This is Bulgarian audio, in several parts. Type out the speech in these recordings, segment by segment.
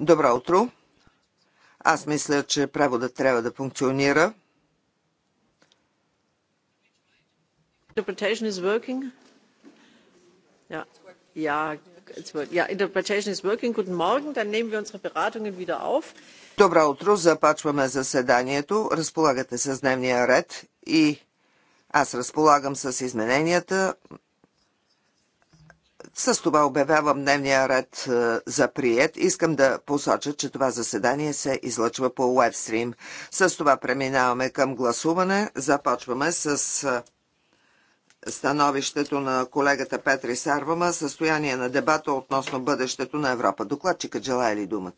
Добро утро! Аз мисля, че преводът трябва да функционира. Interpretation Добро утро, започваме заседанието. Разполагате с дневния ред и аз разполагам с измененията с това обявявам дневния ред е, за прият. Искам да посоча, че това заседание се излъчва по уебстрим. С това преминаваме към гласуване. Започваме с е, становището на колегата Петри Сарвама състояние на дебата относно бъдещето на Европа. Докладчика желая ли думата?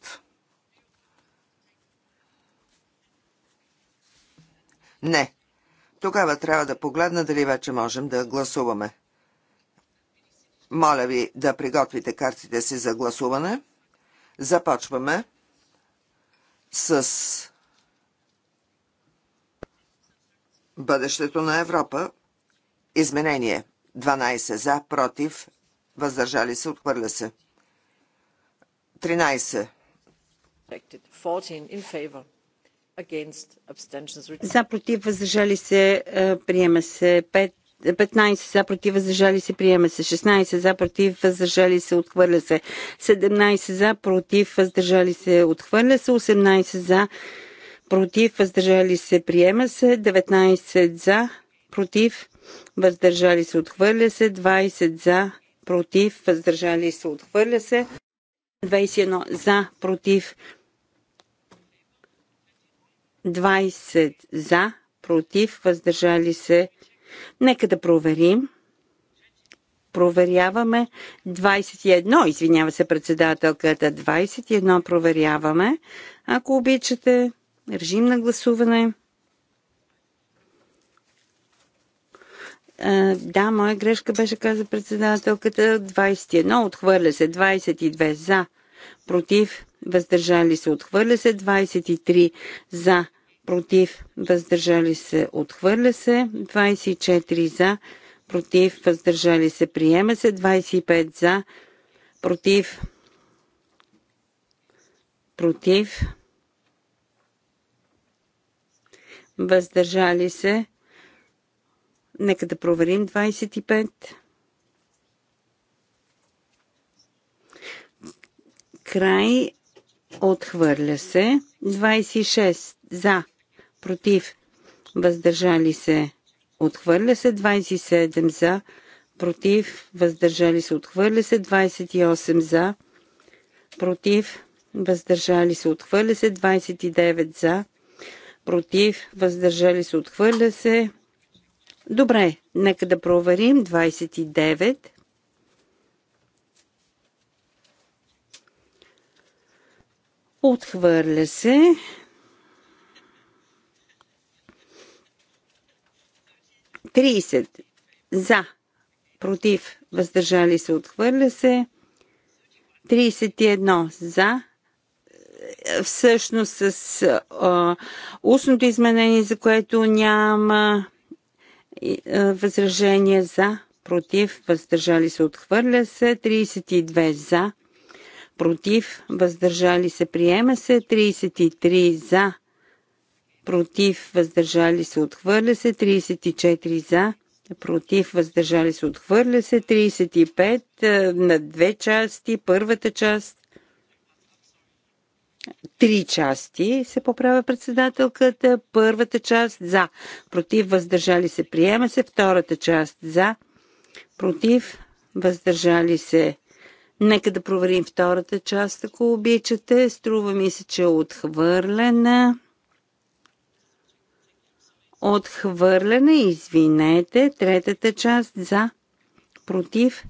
Не. Тогава трябва да погледна дали вече можем да гласуваме. Моля ви да приготвите картите си за гласуване. Започваме с бъдещето на Европа. Изменение 12 за, против, въздържали се, отхвърля се. 13. За, против, въздържали се, е, приема се 5 15 за против въздържали се приема се 16 за против въздържали се отхвърля се 17 за против въздържали се отхвърля се 18 за против въздържали се приема се 19 за против въздържали се отхвърля се 20 за против въздържали се отхвърля се 21 за против 20 за против въздържали се Нека да проверим. Проверяваме 21, извинява се председателката, 21 проверяваме. Ако обичате, режим на гласуване. Е, да, моя грешка беше, каза председателката. 21 отхвърля се, 22 за, против, въздържали се, отхвърля се, 23 за, против, въздържали се, отхвърля се, 24 за, против, въздържали се, приема се, 25 за, против, против, въздържали се, нека да проверим 25. Край отхвърля се. 26 за против, въздържали се, отхвърля се 27 за, против, въздържали се, отхвърля се 28 за, против, въздържали се, отхвърля се 29 за, против, въздържали се, отхвърля се. Добре, нека да проверим 29. Отхвърля се. 30 за, против, въздържали се, отхвърля се. 31 за, всъщност с а, устното изменение, за което няма а, възражение за, против, въздържали се, отхвърля се. 32 за, против, въздържали се, приема се. 33 за, против, въздържали се, отхвърля се, 34 за, против, въздържали се, отхвърля се, 35 е, на две части, първата част, три части се поправя председателката, първата част за, против, въздържали се, приема се, втората част за, против, въздържали се, Нека да проверим втората част, ако обичате. Струва ми се, че е отхвърлена. Отхвърляне, извинете, третата част за, против,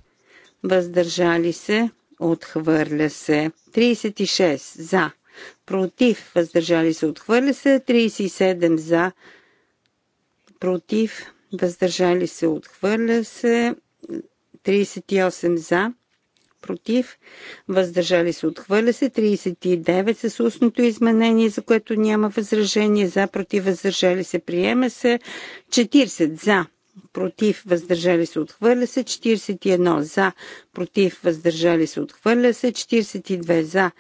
въздържали се, отхвърля се. 36 за, против, въздържали се, отхвърля се. 37 за, против, въздържали се, отхвърля се. 38 за, против, въздържали се, отхвърля се. 39 с устното изменение, за което няма възражение, за, против, въздържали се, приема се. 40 за, против, въздържали се, отхвърля се. 41 за, против, въздържали се, отхвърля се. 42 за,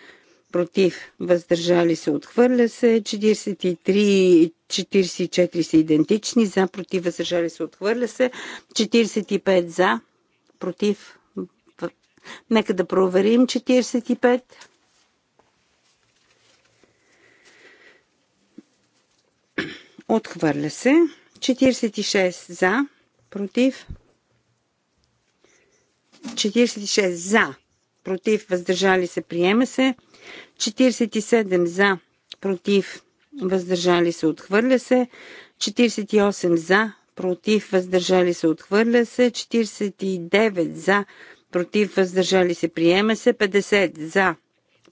против, въздържали се, отхвърля се. 43 44 са идентични, за, против, въздържали се, отхвърля се. 45 за, против, Нека да проверим 45. Отхвърля се. 46 за. Против. 46 за. Против. Въздържали се. Приема се. 47 за. Против. Въздържали се. Отхвърля се. 48 за. Против. Въздържали се. Отхвърля се. 49 за. Против против, въздържали се, приема се. 50 за,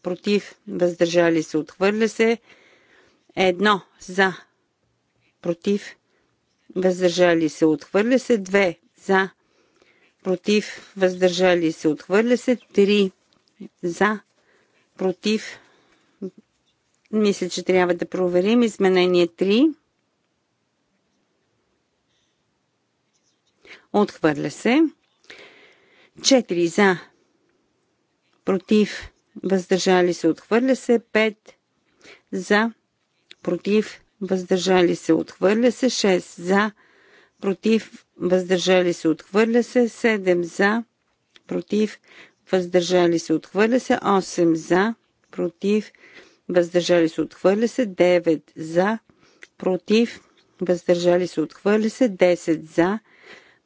против, въздържали се, отхвърля се. 1 за, против, въздържали се, отхвърля се. 2 за, против, въздържали се, отхвърля се. 3 за, против, мисля, че трябва да проверим изменение 3. Отхвърля се. 4 за, против, въздържали се, отхвърля се. 5 за, против, въздържали се, отхвърля се. 6 за, против, въздържали се, отхвърля се. 7 за, против, въздържали се, отхвърля се. 8 за, против, въздържали се, отхвърля се. 9 за, против, въздържали се, отхвърля се. 10 за,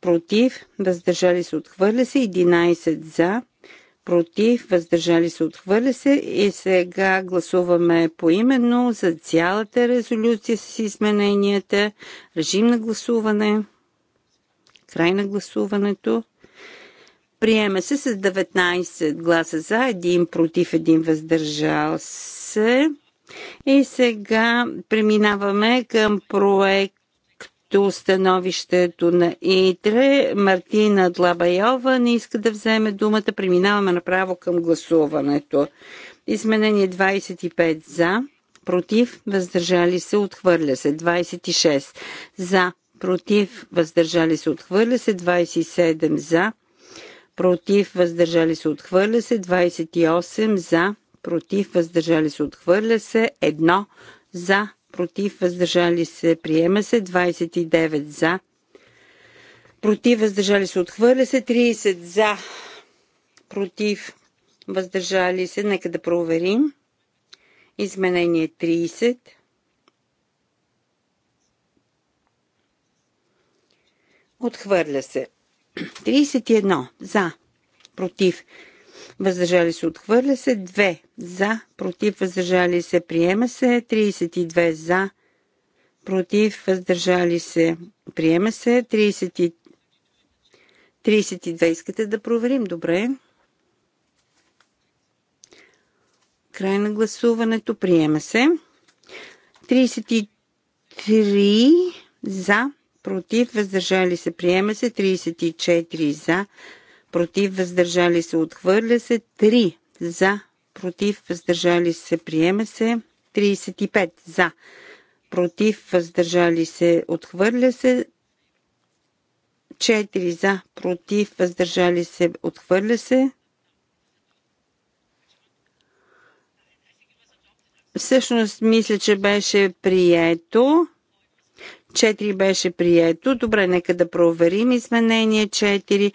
против, въздържали се, отхвърля се, 11 за, против, въздържали се, отхвърля се и сега гласуваме поименно за цялата резолюция с измененията. Режим на гласуване. Край на гласуването. Приема се с 19 гласа за, 1 против, 1 въздържал се. И сега преминаваме към проект срещу установището на ИТРЕ. Мартина Длабайова не иска да вземе думата. Преминаваме направо към гласуването. Изменение 25 за, против, въздържали се, отхвърля се. 26 за, против, въздържали се, отхвърля се. 27 за, против, въздържали се, отхвърля се. 28 за, против, въздържали се, отхвърля се. 1 за, против, въздържали се, приема се, 29 за, против, въздържали се, отхвърля се, 30 за, против, въздържали се, нека да проверим. Изменение 30. Отхвърля се. 31 за, против, въздържали се, отхвърля се, 2 за, против, въздържали се, приема се, 32 за, против, въздържали се, приема се, 30, 32 искате да проверим, добре. Край на гласуването, приема се. 33 за, против, въздържали се, приема се, 34 за, против, въздържали се, отхвърля се. 3 за, против, въздържали се, приема се. 35 за, против, въздържали се, отхвърля се. 4 за, против, въздържали се, отхвърля се. Всъщност, мисля, че беше прието. 4 беше прието. Добре, нека да проверим изменение 4.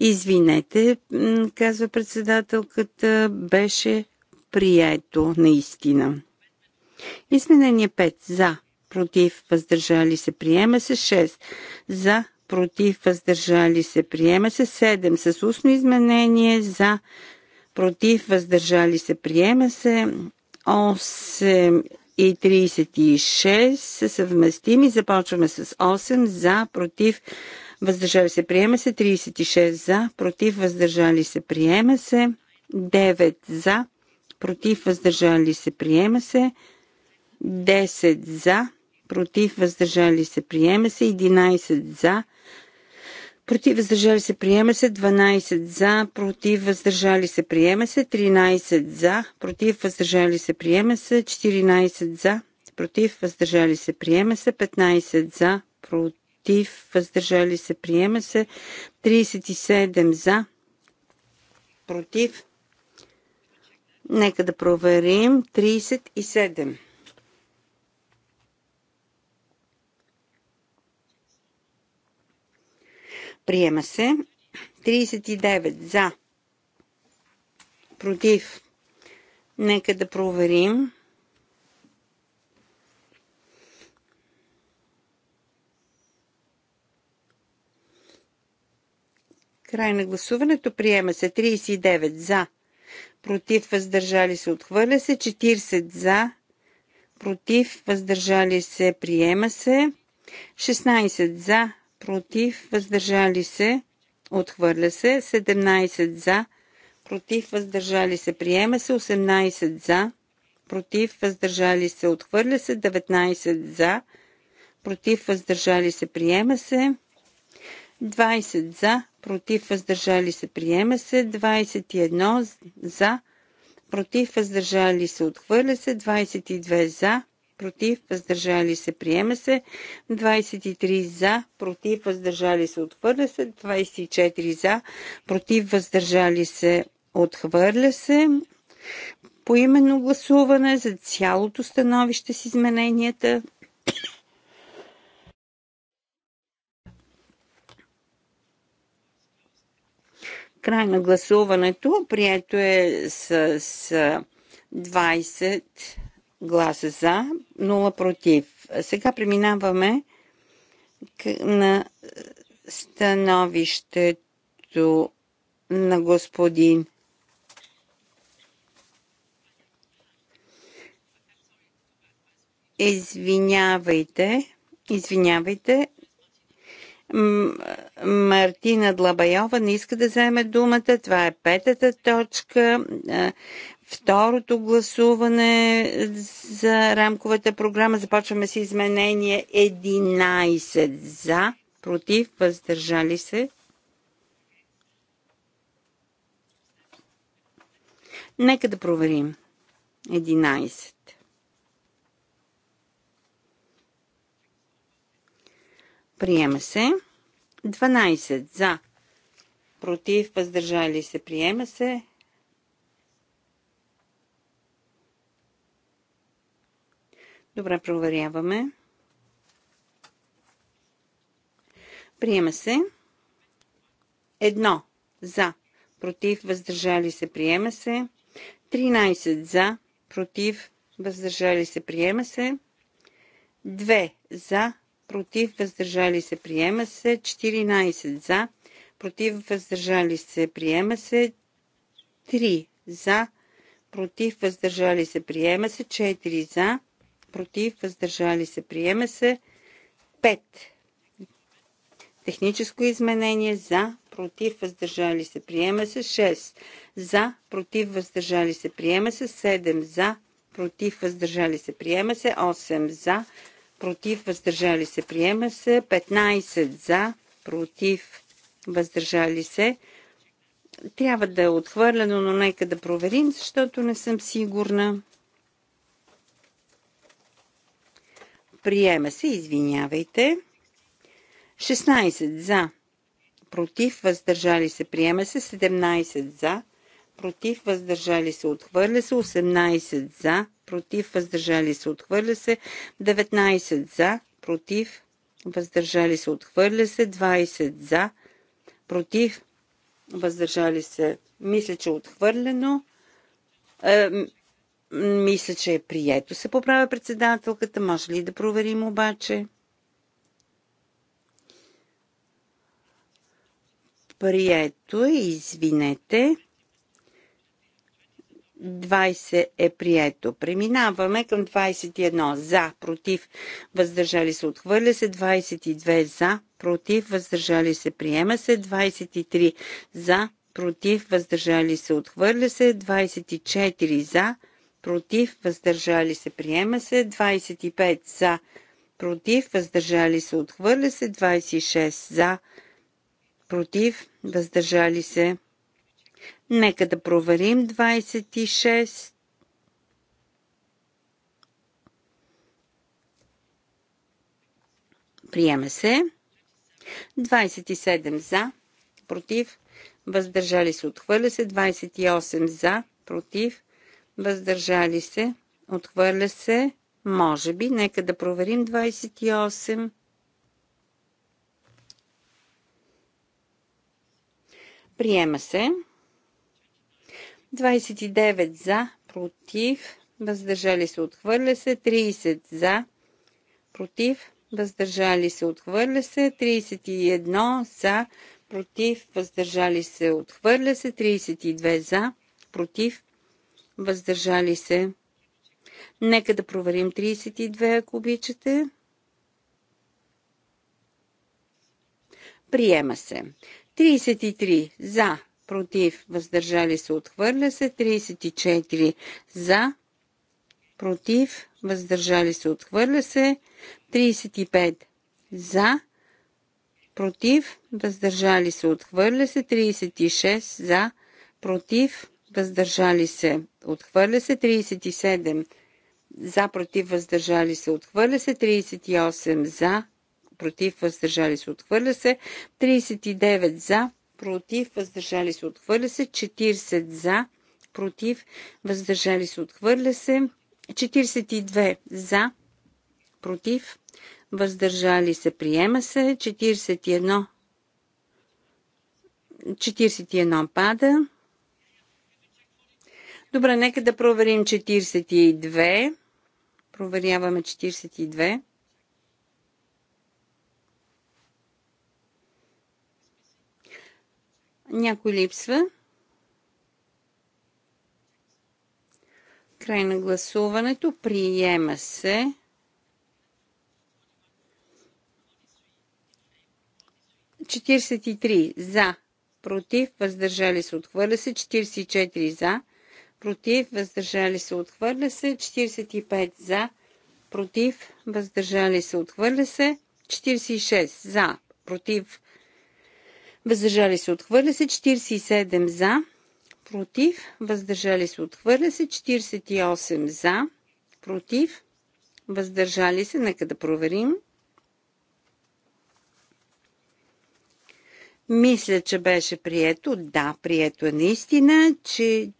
Извинете, казва председателката, беше прието наистина. Изменение 5. За. Против. Въздържали се. Приема се 6. За. Против. Въздържали се. Приема се 7. С устно изменение. За. Против. Въздържали се. Приема се 8 и 36 са съвместими. Започваме с 8 за, против, въздържали се, приема се. 36 за, против, въздържали се, приема се. 9 за, против, въздържали се, приема се. 10 за, против, въздържали се, приема се. 11 за, против въздържали се, приема се 12 за, против въздържали се, приема се 13 за, против въздържали се, приема се 14 за, против въздържали се, приема се 15 за, против въздържали се, приема се 37 за, против. Нека да проверим 37. Приема се. 39 за. Против. Нека да проверим. Край на гласуването приема се 39 за, против въздържали се, отхвърля се 40 за, против въздържали се, приема се 16 за, против, въздържали се, отхвърля се, 17 за, против, въздържали се, приема се, 18 за, против, въздържали се, отхвърля се, 19 за, против, въздържали се, приема се, 20 за, против, въздържали се, приема се, 21 за, против, въздържали се, отхвърля се, 22 за, против, въздържали се, приема се. 23 за, против, въздържали се, отхвърля се. 24 за, против, въздържали се, отхвърля се. По именно гласуване за цялото становище с измененията. Край на гласуването. Прието е с, с 20 гласа за, 0 против. Сега преминаваме на е, становището на господин Извинявайте, извинявайте, Мартина Длабайова не иска да вземе думата. Това е петата точка. Е, второто гласуване за рамковата програма. Започваме с изменение 11 за, против, въздържали се. Нека да проверим. 11. Приема се. 12 за. Против, въздържали се. Приема се. Добре, проверяваме. Приема се. Едно. За. Против. Въздържали се. Приема се. 13 за. Против. Въздържали се. Приема се. 2 за. Против. Въздържали се. Приема се. 14 за. Против. Въздържали се. Приема се. 3 за. Против. Въздържали се. Приема се. 4 за против, въздържали се, приема се. 5. Техническо изменение за, против, въздържали се, приема се. 6. За, против, въздържали се, приема се. 7. За, против, въздържали се, приема се. 8. За, против, въздържали се, приема се. 15. За, против, въздържали се. Трябва да е отхвърлено, но нека да проверим, защото не съм сигурна. Приема се, извинявайте. 16 за. Против, въздържали се. Приема се. 17 за. Против, въздържали се. Отхвърля се. 18 за. Против, въздържали се. Отхвърля се. 19 за. Против, въздържали се. Отхвърля се. 20 за. Против, въздържали се. Мисля, че е отхвърлено. Мисля, че е прието се поправя председателката. Може ли да проверим обаче? Прието е, извинете. 20 е прието. Преминаваме към 21. За, против, въздържали се, отхвърля се. 22 за, против, въздържали се, приема се. 23 за, против, въздържали се, отхвърля се. 24 за, против, въздържали се, приема се. 25 за, против, въздържали се, отхвърля се. 26 за, против, въздържали се. Нека да проверим 26. Приема се. 27 за, против, въздържали се, отхвърля се. 28 за, против, въздържали се, отхвърля се, може би, нека да проверим 28. Приема се. 29 за, против, въздържали се, отхвърля се, 30 за, против, въздържали се, отхвърля се, 31 за, против, въздържали се, отхвърля се, 32 за, против, въздържали се. Нека да проверим 32, ако обичате. Приема се. 33 за, против, въздържали се, отхвърля се. 34 за, против, въздържали се, отхвърля се. 35 за, против, въздържали се, отхвърля се. 36 за, против, въздържали се, отхвърля се 37, за, против, въздържали се, отхвърля се 38, за, против, въздържали се, отхвърля се 39, за, против, въздържали се, отхвърля се 40, за, против, въздържали се, отхвърля се 42, за, против, въздържали се, приема се 41, 41 пада, Добре, нека да проверим 42. Проверяваме 42. Някой липсва. Край на гласуването. Приема се. Четиридесет за, против, въздържали се, отхвърля се, 44 за, против, въздържали се, отхвърля се, 45 за, против, въздържали се, отхвърля се, 46 за, против, въздържали се, отхвърля се, 47 за, против, въздържали се, отхвърля се, 48 за, против, въздържали се, нека да проверим. Мисля, че беше прието. Да, прието е наистина, че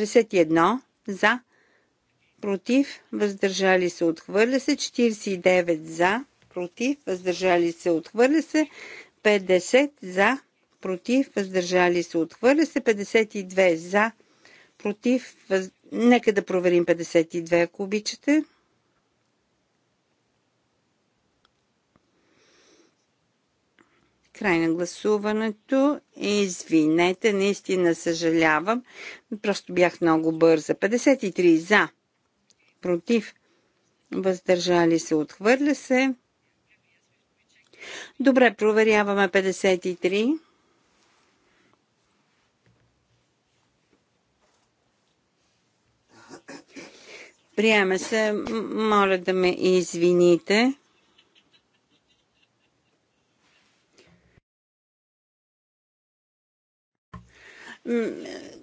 51 за, против, въздържали се, отхвърля се, 49 за, против, въздържали се, отхвърля се, 50 за, против, въздържали се, отхвърля се, 52 за, против, въз... нека да проверим 52, ако обичате. Край на гласуването. Извинете, наистина съжалявам. Просто бях много бърза. 53 за. Против. Въздържали се. Отхвърля се. Добре, проверяваме 53. Приема се. Моля да ме извините.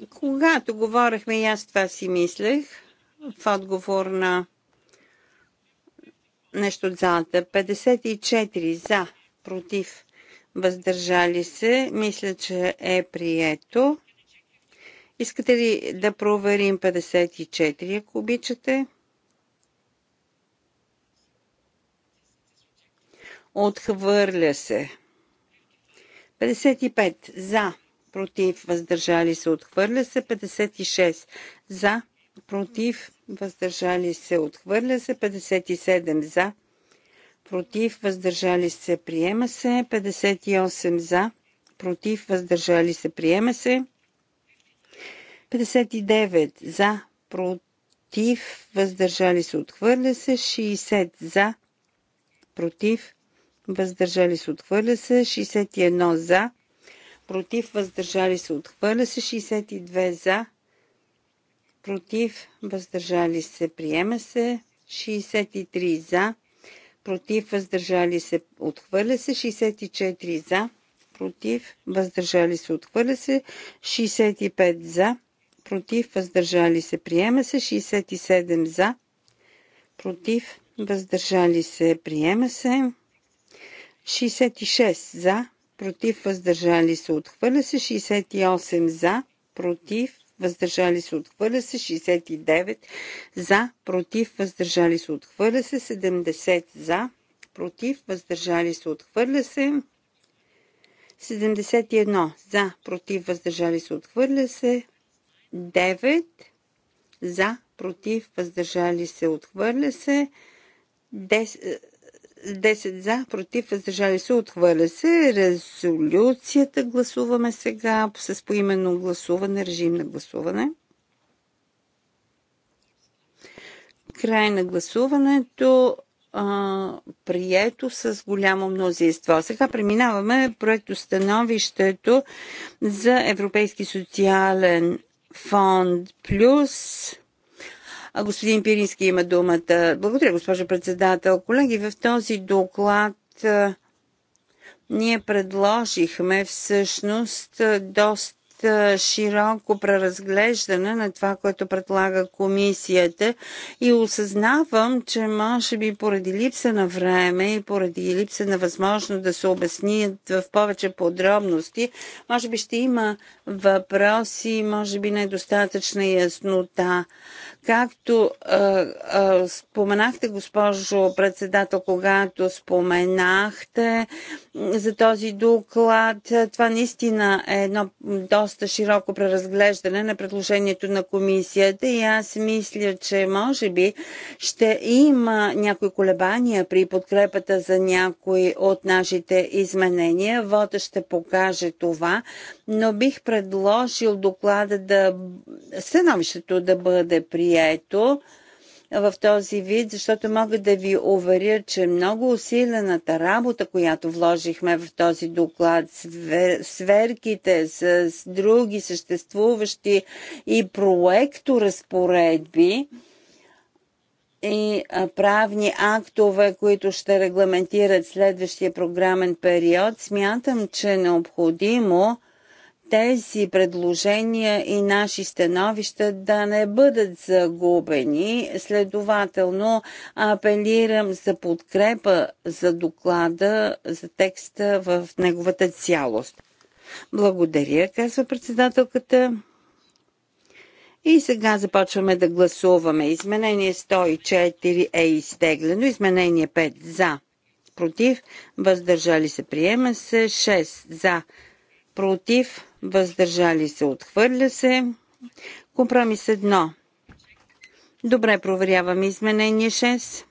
Когато говорихме, и аз това си мислех, в отговор на нещо от залата. 54 за, против, въздържали се. Мисля, че е прието. Искате ли да проверим 54, ако обичате? Отхвърля се. 55 за против, въздържали се, отхвърля се. 56 за, против, въздържали се, отхвърля се. 57 за, против, въздържали се, приема се. 58 за, против, въздържали се, приема се. 59 за, против, въздържали се, отхвърля се. 60 за, против, въздържали се, отхвърля се. 61 за, против, въздържали се, отхвърля се 62 за, против, въздържали се, приема се 63 за, против, въздържали се, отхвърля се 64 за, против, въздържали се, отхвърля се 65 за, против, въздържали се, приема се 67 за, против, въздържали се, приема се 66 за, против, въздържали се, отхвърля се. 68 за, против, въздържали се, отхвърля се. 69 за, против, въздържали се, отхвърля се. 70 за, против, въздържали се, отхвърля се. 71 за, против, въздържали се, отхвърля се. 9 за, против, въздържали се, отхвърля се. 10, 10 за, против, въздържали се, отхвърля се. Резолюцията гласуваме сега с поименно гласуване, режим на гласуване. Край на гласуването а, прието с голямо мнозинство. Сега преминаваме проекто становището за Европейски социален фонд плюс Господин Пирински има думата. Благодаря, госпожо председател. Колеги, в този доклад ние предложихме всъщност доста широко преразглеждане на това, което предлага комисията и осъзнавам, че може би поради липса на време и поради липса на възможност да се обяснят в повече подробности, може би ще има въпроси, може би недостатъчна яснота. Както а, а, споменахте, госпожо председател, когато споменахте за този доклад, това наистина е едно доста широко преразглеждане на предложението на комисията и аз мисля, че може би ще има някои колебания при подкрепата за някои от нашите изменения. Вода ще покаже това, но бих предложил доклада да становището да бъде при прието в този вид, защото мога да ви уверя, че много усилената работа, която вложихме в този доклад, сверките с други съществуващи и проекто разпоредби, и правни актове, които ще регламентират следващия програмен период, смятам, че е необходимо тези предложения и наши становища да не бъдат загубени. Следователно, апелирам за подкрепа за доклада, за текста в неговата цялост. Благодаря, казва председателката. И сега започваме да гласуваме. Изменение 104 е изтеглено. Изменение 5 за. Против. Въздържали се. Приема се. 6 за. Против въздържали се, отхвърля се. Компромис 1. Добре, проверяваме изменение 6.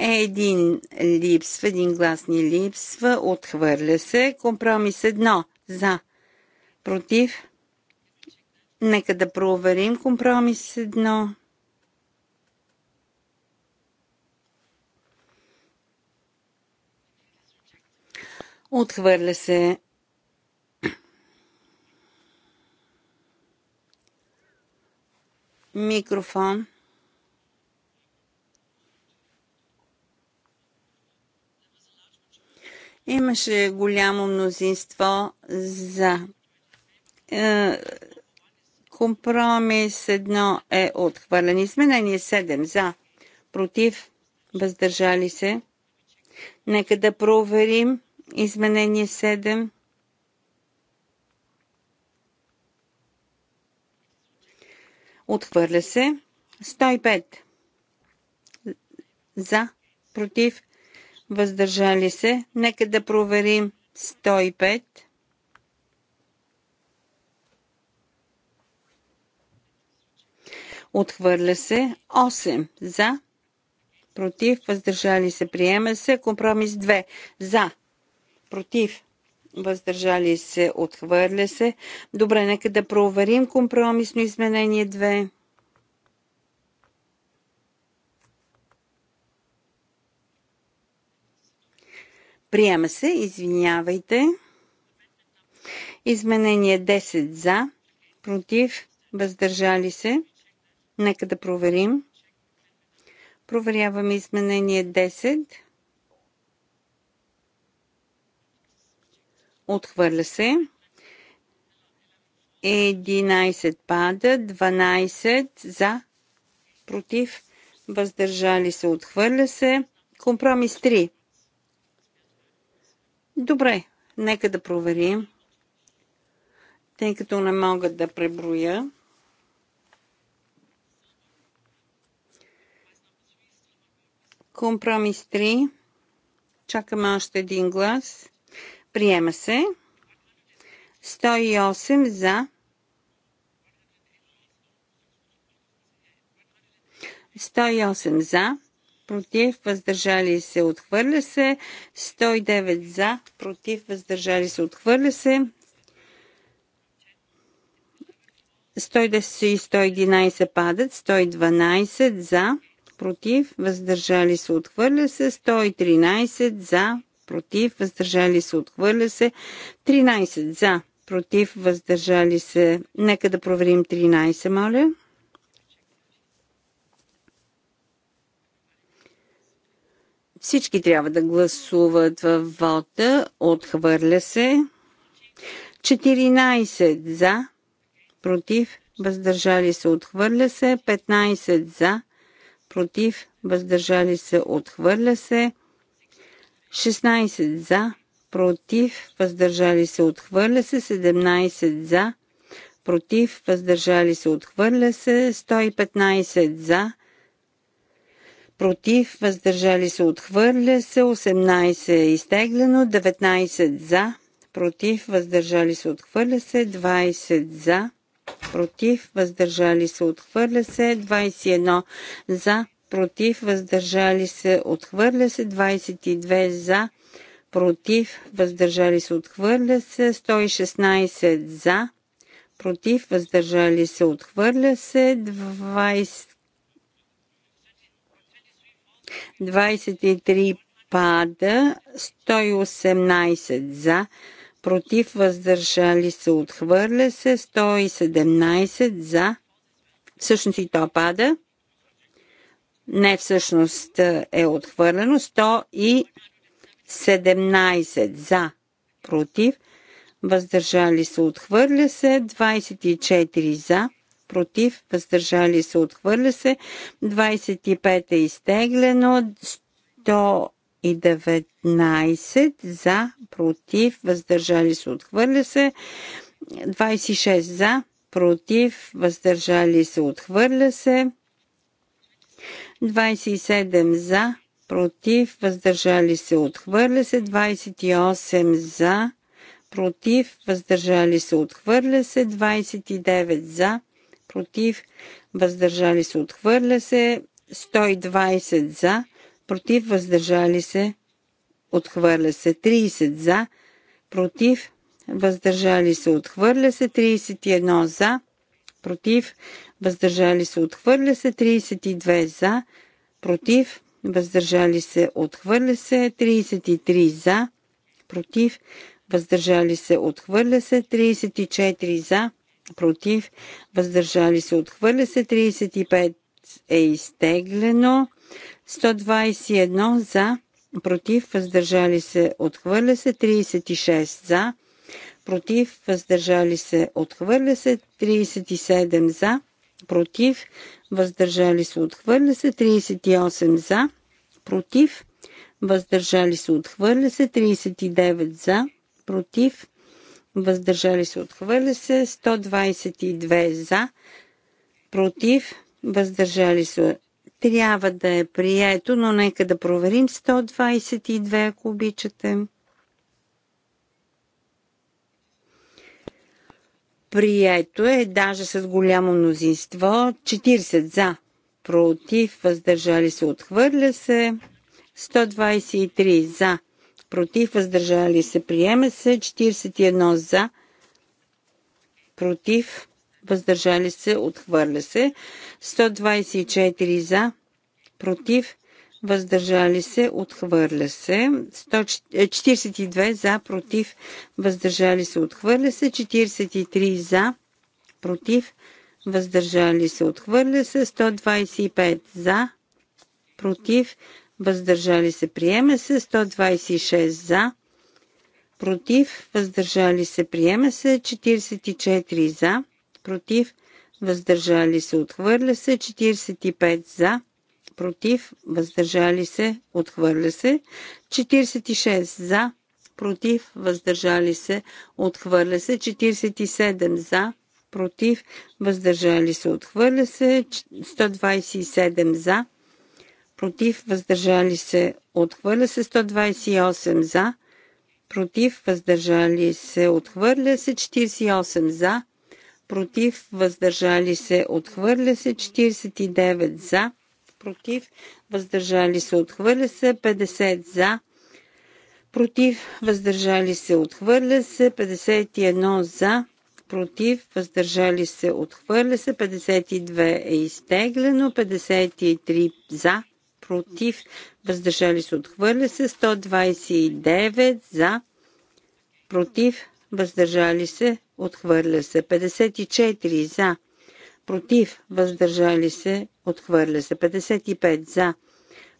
Един липсва, един глас ни липсва, отхвърля се. Компромис 1. За. Против. Нека да проверим компромис 1. Отхвърля се. Микрофон. Имаше голямо мнозинство за. Е, компромис едно е отхвърлен. Изменение 7 за. Против. Въздържали се. Нека да проверим Изменение 7. Отхвърля се. 105. За, против, въздържали се. Нека да проверим 105. Отхвърля се 8 за, против, въздържали се, приема се, компромис 2 за, против, въздържали се, отхвърля се. Добре, нека да проверим компромисно изменение 2. Приема се, извинявайте. Изменение 10 за, против, въздържали се. Нека да проверим. Проверяваме изменение 10. Отхвърля се. 11 пада, 12 за, против, въздържали се, отхвърля се. Компромис 3. Добре, нека да проверим, тъй като не мога да преброя. Компромис 3. Чакаме още един глас. Приема се. 108 за. 108 за. Против. Въздържали се. Отхвърля се. 109 за. Против. Въздържали се. Отхвърля се. 110 и 111 падат. 112 за против, въздържали се, отхвърля се, 113 за, против, въздържали се, отхвърля се. 13 за, против, въздържали се. Нека да проверим 13, моля. Всички трябва да гласуват в вота, Отхвърля се. 14 за, против, въздържали се, отхвърля се. 15 за, против, въздържали се, отхвърля се. 16 за, против, въздържали се, отхвърля се, 17 за, против, въздържали се, отхвърля се, 115 за, против, въздържали се, отхвърля се, 18 е изтеглено, 19 за, против, въздържали се, отхвърля се, 20 за, против, въздържали се, отхвърля се, 21 за, против, въздържали се, отхвърля се, 22 за, против, въздържали се, отхвърля се, 116 за, против, въздържали се, отхвърля се, 20... 23 пада, 118 за, против, въздържали се, отхвърля се, 117 за, всъщност и то пада, не всъщност е, е отхвърлено. 117 за, против, въздържали се, отхвърля се. 24 за, против, въздържали се, отхвърля се. 25 е изтеглено. 119 19 за, против, въздържали се, отхвърля се. 26 за, против, въздържали се, отхвърля се. 27 за, против, въздържали се, отхвърля се. 28 за, против, въздържали се, отхвърля се. 29 за, против, въздържали се, отхвърля се. 120 за, против, въздържали се, отхвърля се. 30 за, против, въздържали се, отхвърля се. 31 за, против, въздържали се, отхвърля се, 32 за, против, въздържали се, отхвърля се, 33 за, против, въздържали се, отхвърля се, 34 за, против, въздържали се, отхвърля се, 35 е изтеглено, 121 за, против, въздържали се, отхвърля се, 36 за, против, въздържали се, отхвърля се, 37 за, против, въздържали се, отхвърля се, 38 за, против, въздържали се, отхвърля се, 39 за, против, въздържали се, отхвърля се, 122 за, против, въздържали се, трябва да е прието, но нека да проверим 122, ако обичате. Прието е даже с голямо мнозинство 40 за, против, въздържали се, отхвърля се 123 за, против, въздържали се, приема се 41 за, против, въздържали се, отхвърля се 124 за, против, въздържали се, отхвърля се. 42 е, за, против, въздържали се, отхвърля се. 43 за, против, въздържали се, отхвърля се. 125 за, против, въздържали се, приема се. 126 за, против, въздържали се, приема се. 44 за, против, въздържали се, отхвърля се. 45 за, против, въздържали се, отхвърля се. 46 за, против, въздържали се, отхвърля се. 47 за, против, въздържали се, отхвърля се. 127 за, против, въздържали се, отхвърля се. 128 за, против, въздържали се, отхвърля се. 48 за, против, въздържали се, отхвърля се. 49 за, против, въздържали се, отхвърля се, 50 за, против, въздържали се, отхвърля се, 51 за, против, въздържали се, отхвърля се, 52 е изтеглено, 53 за, против, въздържали се, отхвърля се, 129 за, против, въздържали се, отхвърля се, 54 за, против, въздържали се, отхвърля се. 55 за,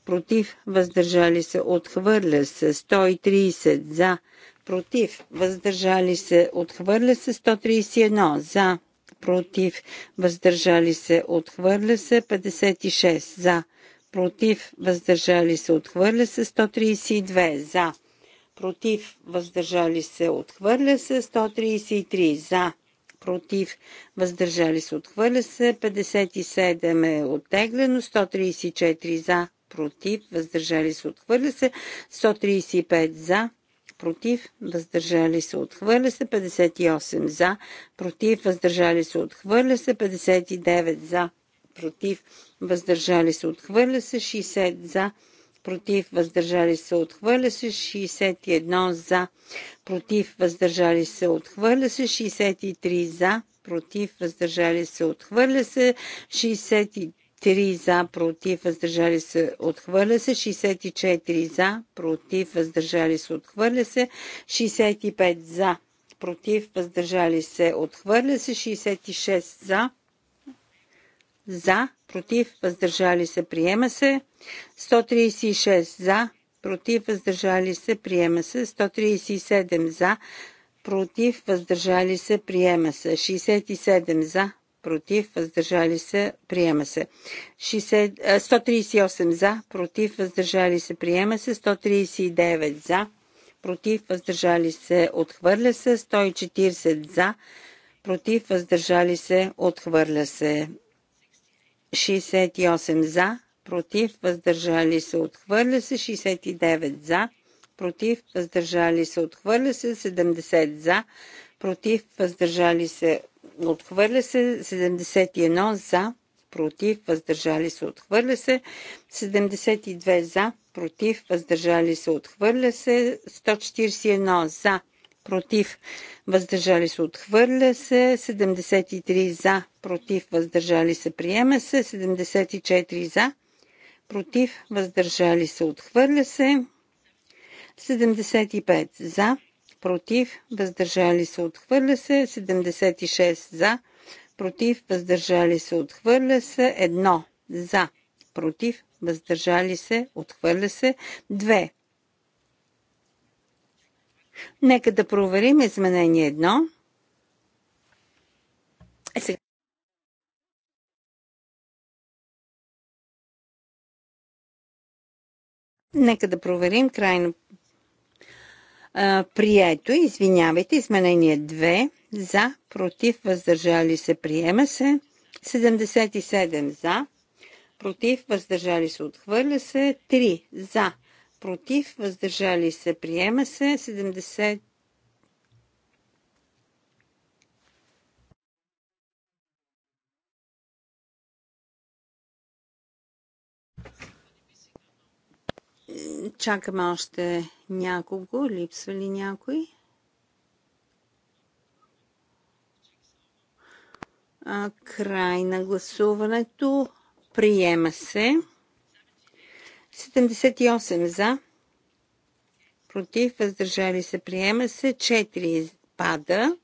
против, въздържали се, отхвърля се. 130 за, против, въздържали се, отхвърля се. 131 за, против, въздържали се, отхвърля се. 56 за, против, въздържали се, отхвърля се. 132 за, против, въздържали се, отхвърля се. 133 за, против, въздържали се, отхвърля се, 57 е оттеглено, 134 за, против, въздържали се, отхвърля се, 135 за, против, въздържали се, отхвърля се, 58 за, против, въздържали се, отхвърля се, 59 за, против, въздържали се, отхвърля се, 60 за, против, въздържали се, отхвърля се, 61 за, против, въздържали се, отхвърля се, 63 за, против, въздържали се, отхвърля се, 63 3 за, против, въздържали се, отхвърля се, 64 за, против, въздържали се, отхвърля се, 65 за, против, въздържали се, отхвърля се, 66 за, за, против, въздържали се, приема се. 136 за, против, въздържали се, приема се. 137 за, против, въздържали се, приема се. 67 за, против, въздържали се, приема се. 60, 138 за, против, въздържали се, приема се. 139 за, против, въздържали се, отхвърля се. 140 за, против, въздържали се, отхвърля се. 68 за, против, въздържали се, отхвърля се, 69 за, против, въздържали се, отхвърля се, 70 за, против, въздържали се, отхвърля се, 71 за, против, въздържали се, отхвърля се, 72 за, против, въздържали се, отхвърля се, 141 за, против, въздържали се, отхвърля се, 73 за, против, въздържали се, приема се, 74 за, против, въздържали се, отхвърля се, 75 за, против, въздържали се, отхвърля се, 76 за, против, въздържали се, отхвърля се, 1 за, против, въздържали се, отхвърля се, 2 Нека да проверим изменение 1. Е, Нека да проверим крайно а, прието. Извинявайте, изменение 2 за, против, въздържали се, приема се. 77 за, против, въздържали се, отхвърля се. 3 за, против, въздържали се, приема се. 70 Чакаме още някого. Липсва ли някой? край на гласуването. Приема се. 78 за, против, въздържали се, приема се, 4 пада,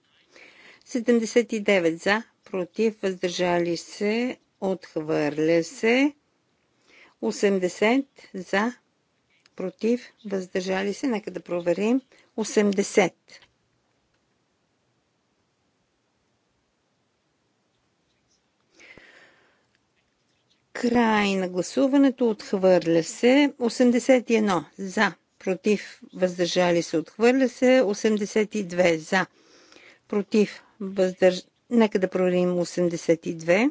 79 за, против, въздържали се, отхвърля се, 80 за, против, въздържали се, нека да проверим, 80. Край на гласуването. Отхвърля се. 81 за. Против. Въздържали се. Отхвърля се. 82 за. Против. Въздърж... Нека да проверим 82.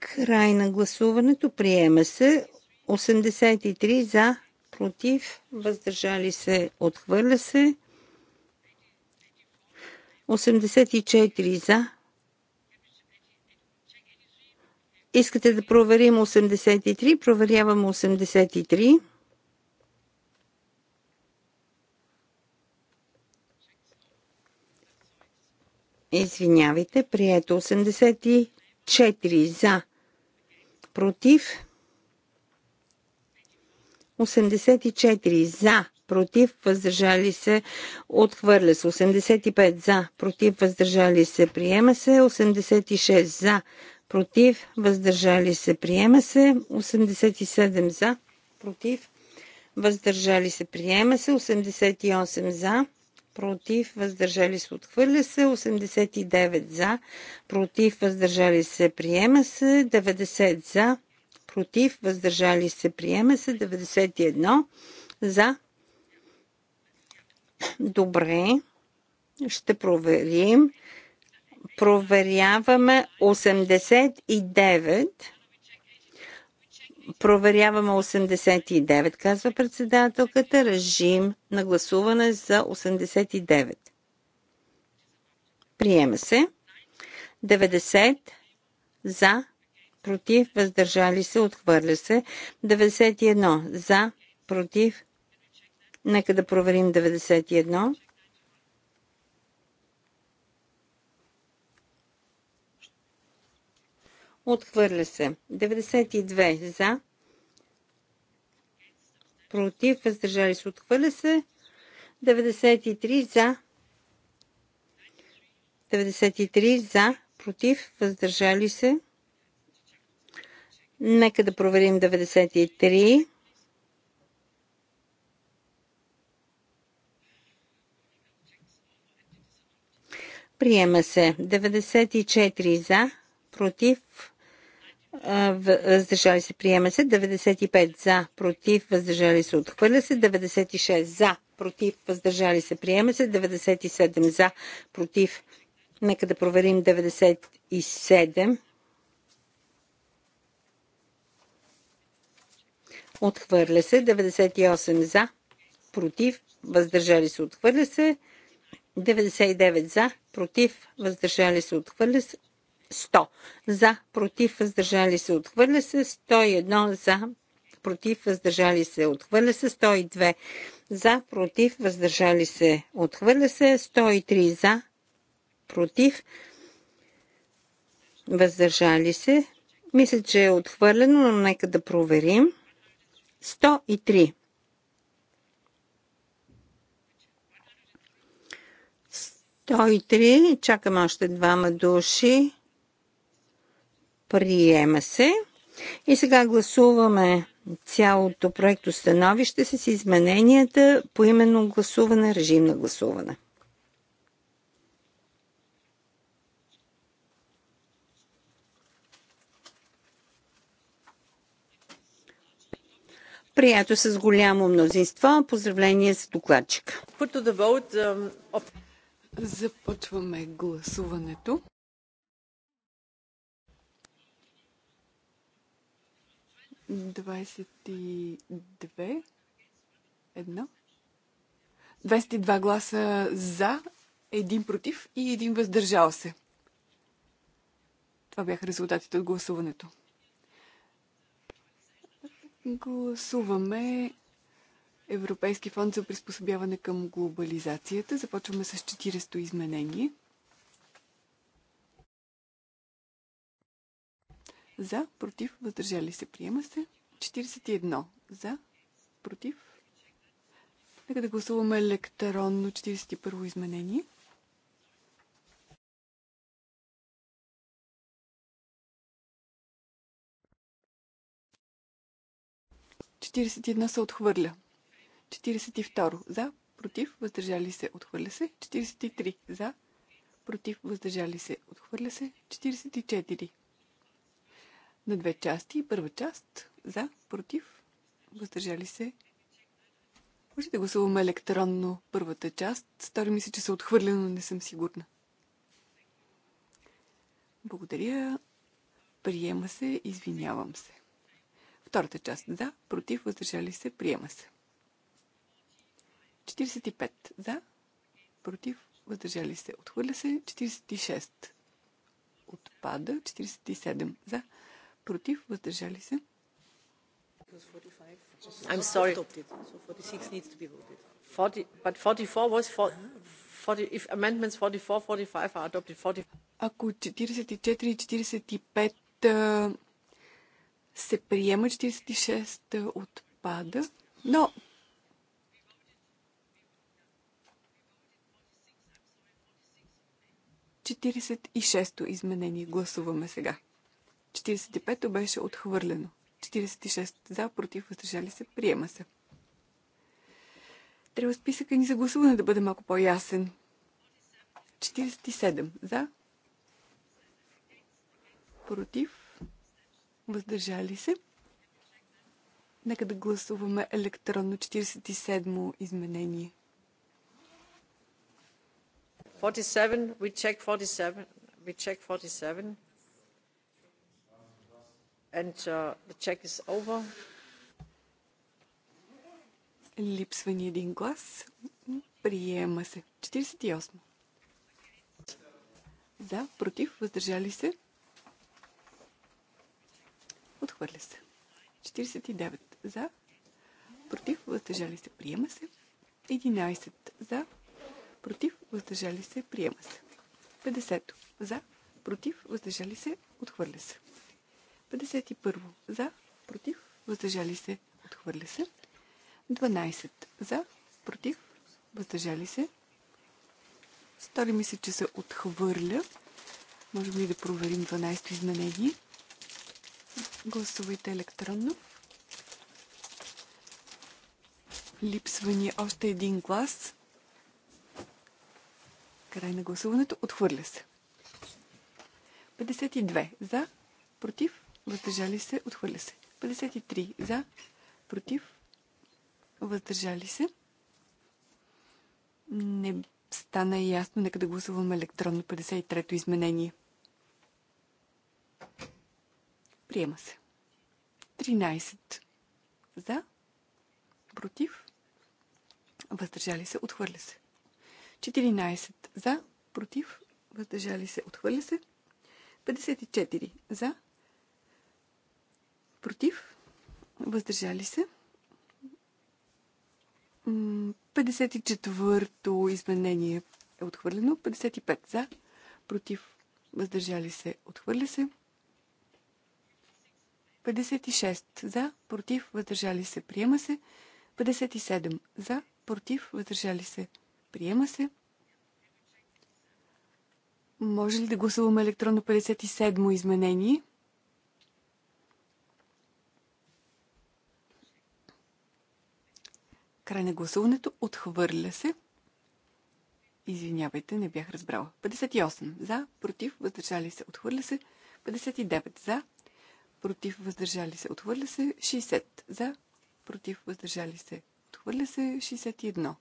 Край на гласуването. Приема се. 83 за. Против. Въздържали се. Отхвърля се. 84 за. Искате да проверим 83? Проверяваме 83. Извинявайте, прието 84 за. Против 84 за против, въздържали се, отхвърля се. 85 за, против, въздържали се, приема се. 86 за, против, въздържали се, приема се. 87 за, против, въздържали се, приема се. 88 за, против, въздържали се, отхвърля се, 89 за, против, въздържали се, приема се, 90 за, против, въздържали се, приема се, 91 за, Добре. Ще проверим. Проверяваме 89. Проверяваме 89, казва председателката. Режим на гласуване за 89. Приема се. 90 за, против, въздържали се, отхвърля се. 91 за, против, Нека да проверим 91. Отхвърля се. 92 за. Против. Въздържали се. Отхвърля се. 93 за. 93 за. Против. Въздържали се. Нека да проверим 93. Приема се 94 за, против, въздържали се, приема се 95 за, против, въздържали се, отхвърля се 96 за, против, въздържали се, приема се 97 за, против. Нека да проверим 97. Отхвърля се 98 за, против, въздържали се, отхвърля се 99 за, против, въздържали се, отхвърля се. 100 за, против, въздържали се, отхвърля се. 101 за, против, въздържали се, отхвърля се. 102 за, против, въздържали се, отхвърля се. 103 за, против, въздържали се. Мисля, че е отхвърлено, но нека да проверим. 103. 103. Чакам още двама души. Приема се. И сега гласуваме цялото проекто становище с измененията по именно гласуване, режим на гласуване. Прието с голямо мнозинство. Поздравление за докладчика. Започваме гласуването. Двадесет и две. Едно. 22 гласа за, един против и един въздържал се. Това бяха резултатите от гласуването. Гласуваме Европейски фонд за приспособяване към глобализацията. Започваме с 40-то изменение. За, против, въздържали се, приема се. 41 за, против. Нека да гласуваме електронно 41 изменение. 41 една се отхвърля. 42. За. Против. Въздържали се. Отхвърля се. 43. За. Против. Въздържали се. Отхвърля се. 44. На две части. Първа част. За. Против. Въздържали се. Може да гласуваме електронно първата част. Стори ми се, че се отхвърля, но не съм сигурна. Благодаря. Приема се. Извинявам се. Втората част. За. Против. Въздържали се. Приема се. 45 за, против, въздържали се, отхвърля се. 46 отпада. 47 за, против, въздържали се. I'm sorry. 40, but 44 was for, 40, if amendments 44, 45 are adopted, 40. Ако 44 и 45 се приема, 46 отпада. Но 46-то изменение гласуваме сега. 45-то беше отхвърлено. 46 за, против, въздържали се, приема се. Трябва списъка ни за гласуване да бъде малко по-ясен. 47 за, против, въздържали се. Нека да гласуваме електронно 47-мо изменение. 47, we check 47. We check 47. Uh, the check is over. Липсва ни един глас. Приема се. 48. За, против, въздържали се. Отхвърля се. 49 за, против, въздържали се. Приема се. 11 за, против, въздържали се, приема се. 50. За, против, въздържали се, отхвърля се. 51. За, против, въздържали се, отхвърля се. 12. За, против, въздържали се. Стори ми се, че се отхвърля. Можем ли да проверим 12 изменение? Гласувайте електронно. Липсва ни още един глас. Край на гласуването. Отхвърля се. 52 за, против, въздържали се, отхвърля се. 53 за, против, въздържали се. Не стана ясно, нека да гласуваме електронно 53-то изменение. Приема се. 13 за, против, въздържали се, отхвърля се. 14 за, против, въздържали се, отхвърля се. 54 за, против, въздържали се. 54-то изменение е отхвърлено. 55 за, против, въздържали се, отхвърля се. 56 за, против, въздържали се, приема се. 57 за, против, въздържали се, Приема се. Може ли да гласуваме електронно 57 изменение? Край на гласуването. Отхвърля се. Извинявайте, не бях разбрала. 58 за, против, въздържали се, отхвърля се. 59 за, против, въздържали се, отхвърля се. 60 за, против, въздържали се, отхвърля се. 61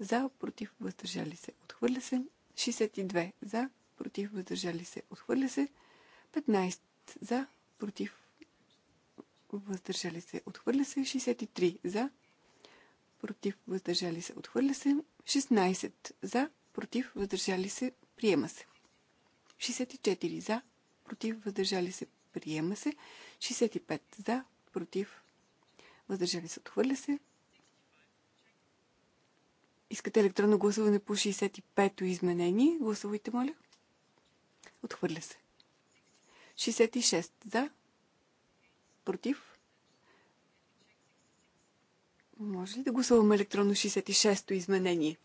за, против, въздържали се, отхвърля се. 62 за, против, въздържали се, отхвърля се. 15 за, против, въздържали се, отхвърля се. 63 за, против, въздържали се, отхвърля се. 16 за, против, въздържали се, приема се. 64 за, против, въздържали се, приема се. 65 за, против, въздържали се, отхвърля се. Искате електронно гласуване по 65-то изменение. Гласувайте, моля. Отхвърля се. 66 за. Против. Може ли да гласуваме електронно 66-то изменение?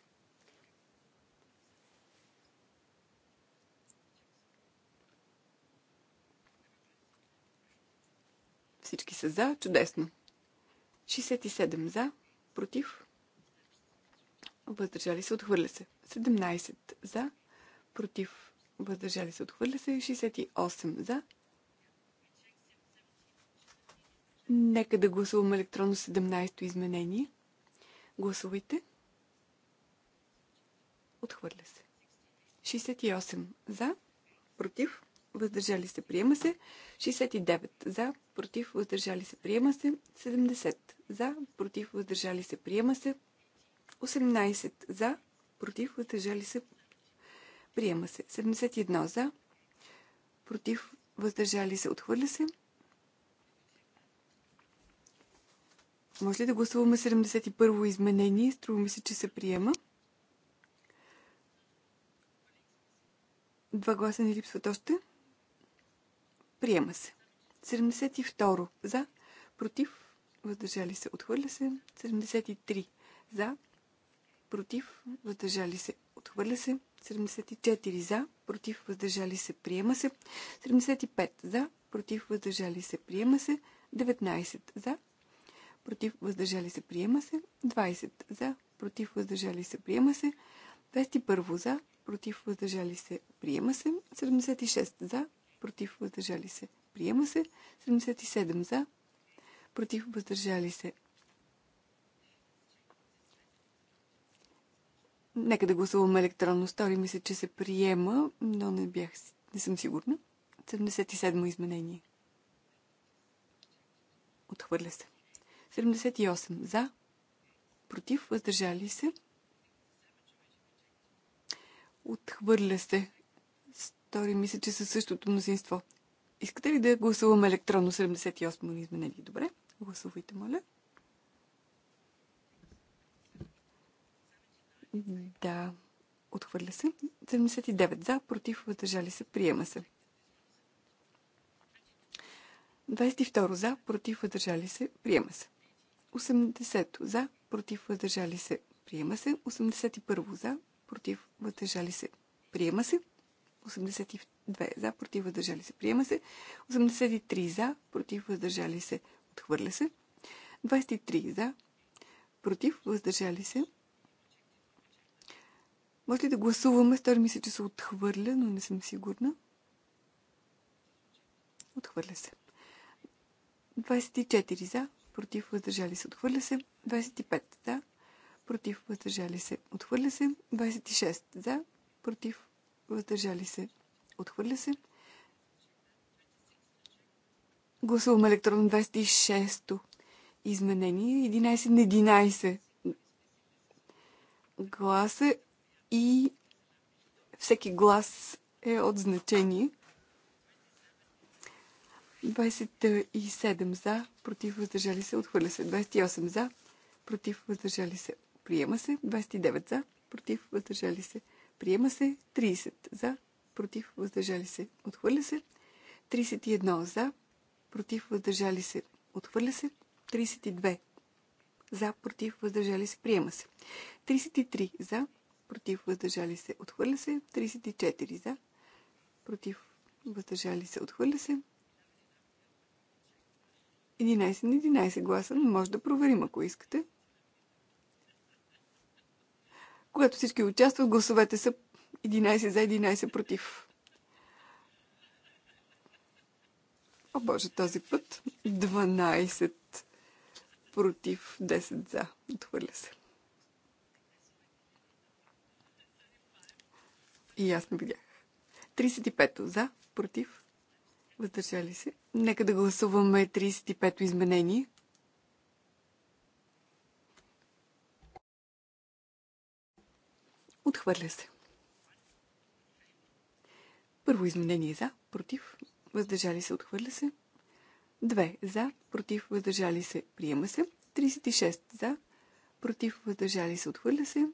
Всички са за. Чудесно. 67 за. Против въздържали се, отхвърля се. 17 за, против, въздържали се, отхвърля се. 68 за. Нека да гласувам електронно 17-то изменение. Гласувайте. Отхвърля се. 68 за, против, въздържали се, приема се. 69 за, против, въздържали се, приема се. 70 за, против, въздържали се, приема се. 18 за, против, въздържали се, приема се. 71 за, против, въздържали се, отхвърля се. Може ли да гласуваме 71-во изменение? Струва ми се, че се приема. Два гласа ни липсват още. Приема се. 72 за, против, въздържали се, отхвърля се. 73 за, против, въздържали се, отхвърля се. 74 за, против, въздържали се, приема се. 75 за, против, въздържали се, приема се. 19 за, против, въздържали се, приема се. 20 за, против, въздържали се, приема се. 21 за, против, въздържали се, приема се. 76 за, против, въздържали се, приема се. 77 за, против, въздържали се, Нека да гласувам електронно. Стори ми се, че се приема, но не бях, не съм сигурна. 77 изменение. Отхвърля се. 78 за. Против. Въздържали се. Отхвърля се. Стори ми се, че със същото мнозинство. Искате ли да гласувам електронно 78 изменение? Добре. Гласувайте, моля. 78. Да, отхвърля се. 79 за, против, въздържали се, приема се. 22 за, против, въздържали се, приема се. 80 за, против, въздържали се, приема се. 81 за, против, въздържали се, приема се. 82 за, против, въздържали се, приема се. 83 за, против, въздържали се, отхвърля се. 23 за, против, въздържали се, може ли да гласуваме? Стори се, че се отхвърля, но не съм сигурна. Отхвърля се. 24 за, против въздържали се, отхвърля се. 25 за, против въздържали се, отхвърля се. 26 за, против въздържали се, отхвърля се. Гласуваме електронно 26-то изменение. 11 на 11 гласа и всеки глас е от значение. 27 за, против въздържали се, отхвърля се. 28 за, против въздържали се, приема се. 29 за, против въздържали се, приема се. 30 за, против въздържали се, отхвърля се. 31 за, против въздържали се, отхвърля се. 32 за, против въздържали се, приема се. 33 за, против, въздържали се, отхвърля се. 34 за, против, въздържали се, отхвърля се. 11 на 11 гласа, но може да проверим, ако искате. Когато всички участват, гласовете са 11 за 11 против. О боже, този път 12 против 10 за. Отхвърля се. И аз не видях. 35-то за, против, въздържали се. Нека да гласуваме 35-то изменение. Отхвърля се. Първо изменение за, против, въздържали се, отхвърля се. 2 за, против, въздържали се, приема се. 36 за, против, въздържали се, отхвърля се.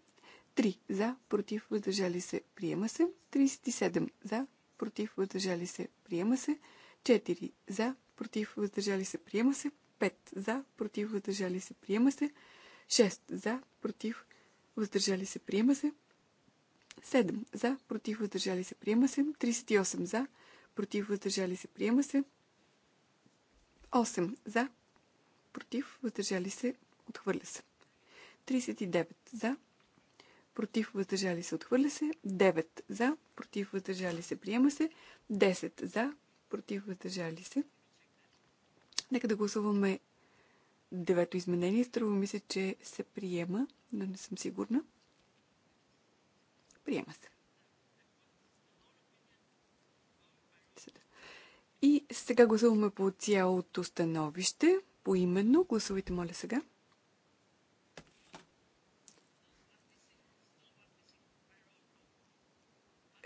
3 за, против, въздържали се, приема се. 37 за, против, въздържали се, приема се. 4 за, против, въздържали се, приема се. 5 за, против, въздържали се, приема се. 6 за, против, въздържали се, приема се. 7 за, против, въздържали се, приема се. 38 за, против, въздържали се, приема се. 8 за, против, въздържали се, отхвърля се. 39 за, против въздържали се, отхвърля се. 9 за, против въздържали се, приема се. 10 за, против въздържали се. Нека да гласуваме девето изменение. Струва ми се, че се приема, но не съм сигурна. Приема се. И сега гласуваме по цялото становище, по именно. Гласувайте, моля, сега.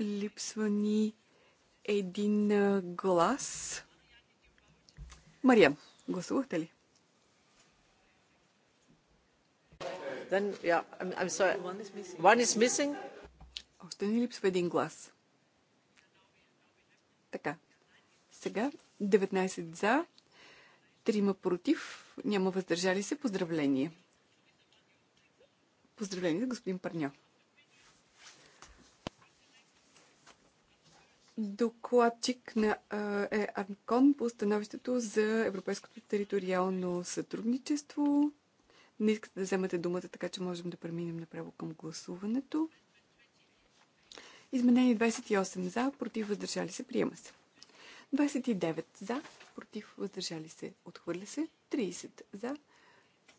Липсва ни един глас. Мария, гласувахте ли? Then, yeah, I'm, I'm sorry. One is missing. One is missing. Още ни липсва един глас. Така. Сега 19 за, 3 против, няма въздържали се. Поздравление. Поздравление господин Парньо. Докладчик на е Анкон по становището за европейското териториално сътрудничество. Не искате да вземате думата, така че можем да преминем направо към гласуването. Изменение 28 за, против въздържали се, приема се. 29 за, против въздържали се, отхвърля се. 30 за,